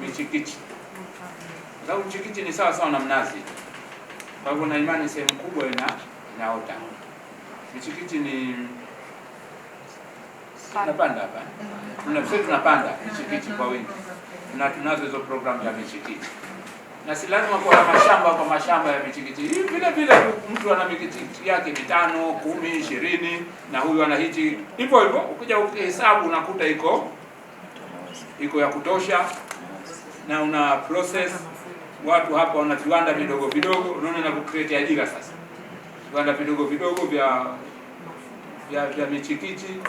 michikichi, kwa sababu mchikichi ni sawa sawa na mnazi. Kwa hivyo na imani sehemu kubwa ina inaota. Michikichi ni tunapanda hapa, sisi tunapanda michikichi kwa wingi, na tunazo hizo programu za michikichi na si lazima kwa mashamba kwa mashamba ya michikichi. Hii vile vile mtu ana michikichi yake mitano, kumi, ishirini na huyu ana hichi hivyo hivyo, ukija ukihesabu unakuta iko iko ya kutosha na una process watu hapa wana viwanda vidogo vidogo, unaona na kucreate ajira sasa, viwanda vidogo vidogo vya vya, vya michikichi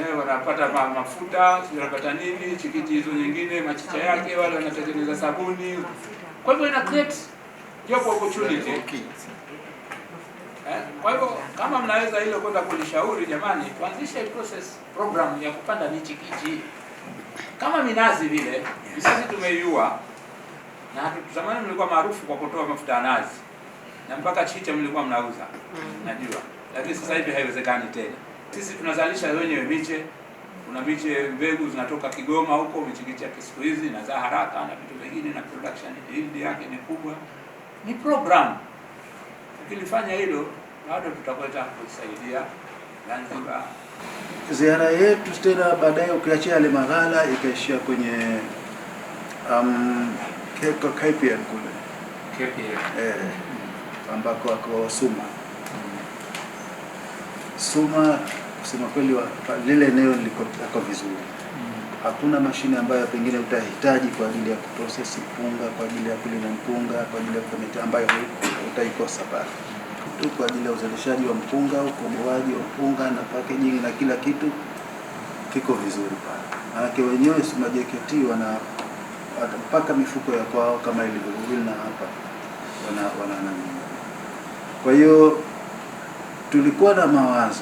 eh, wanapata ma, mafuta wanapata nini chikichi hizo nyingine machicha yake, wale wanatengeneza sabuni. Kwa hivyo ina create job opportunity eh. Kwa hivyo kama mnaweza ile kwenda kulishauri, jamani, tuanzishe process program ya kupanda michikichi kama minazi vile sisi tumeiua, na zamani mlikuwa maarufu kwa kutoa mafuta ya nazi na mpaka chicha mlikuwa mnauza, mm. najua, lakini sasa hivi haiwezekani tena. Sisi tunazalisha wenyewe miche, kuna miche mbegu zinatoka Kigoma huko, michikicha siku hizi inazaa haraka na vitu vingine, na production yield yake ni kubwa. Ni program, ukilifanya hilo bado tutakwenda kusaidia Zanzibar ziara yetu tena baadaye, ukiachia yale maghala, ikaishia kwenye um, kule KPN. Eh, ambako wako Suma Suma, kusema kweli, lile eneo liko vizuri hakuna mashine ambayo pengine utahitaji kwa ajili ya kuprocess mpunga, kwa ajili ya kulina mpunga, kwa ajili ya kufanya ambayo utaikosa pale tu kwa ajili ya uzalishaji wa mpunga, ukoboaji wa mpunga na packaging na kila kitu kiko vizuri pale. Manake wenyewe si JKT wana mpaka mifuko ya kwao kama ilivyo na hapa wana wana nani. Kwa hiyo tulikuwa na mawazo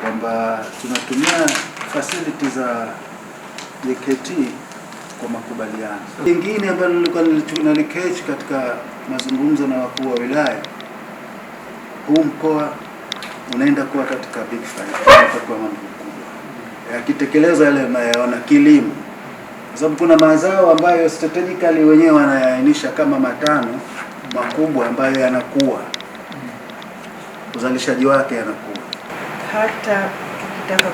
kwamba tunatumia facility za JKT kwa makubaliano. Lingine ambalo nilikuwa nalikech katika mazungumzo na wakuu wa wilaya huu mkoa unaenda kuwa katika big five, kwa mambo makubwa yakitekelezwa yale unayaona kilimo, kwa sababu kuna mazao ambayo strategically wenyewe wanayainisha kama matano makubwa ambayo yanakuwa uzalishaji wake yanakuwa hata tukitaka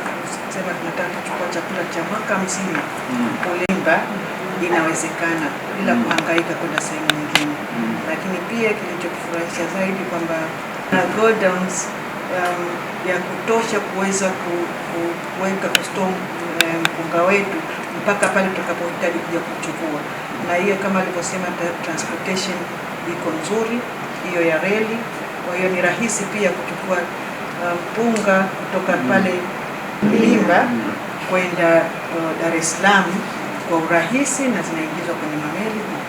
kusema tunataka kuchukua chakula cha mwaka mzima mm. inawezekana bila mm. kuhangaika kwenda sehemu nyingine mm. Lakini pia kilichokufurahisha zaidi kwamba na uh, godowns um, ya kutosha kuweza kuweka kustoa um, mpunga wetu mpaka pale tutakapohitaji kuja kuchukua. Na hiyo kama alivyosema, transportation iko nzuri hiyo ya reli, kwa hiyo ni rahisi pia kuchukua mpunga um, kutoka mm. pale Ilimba kwenda uh, Dar es Salaam kwa urahisi na zinaingizwa kwenye mameli.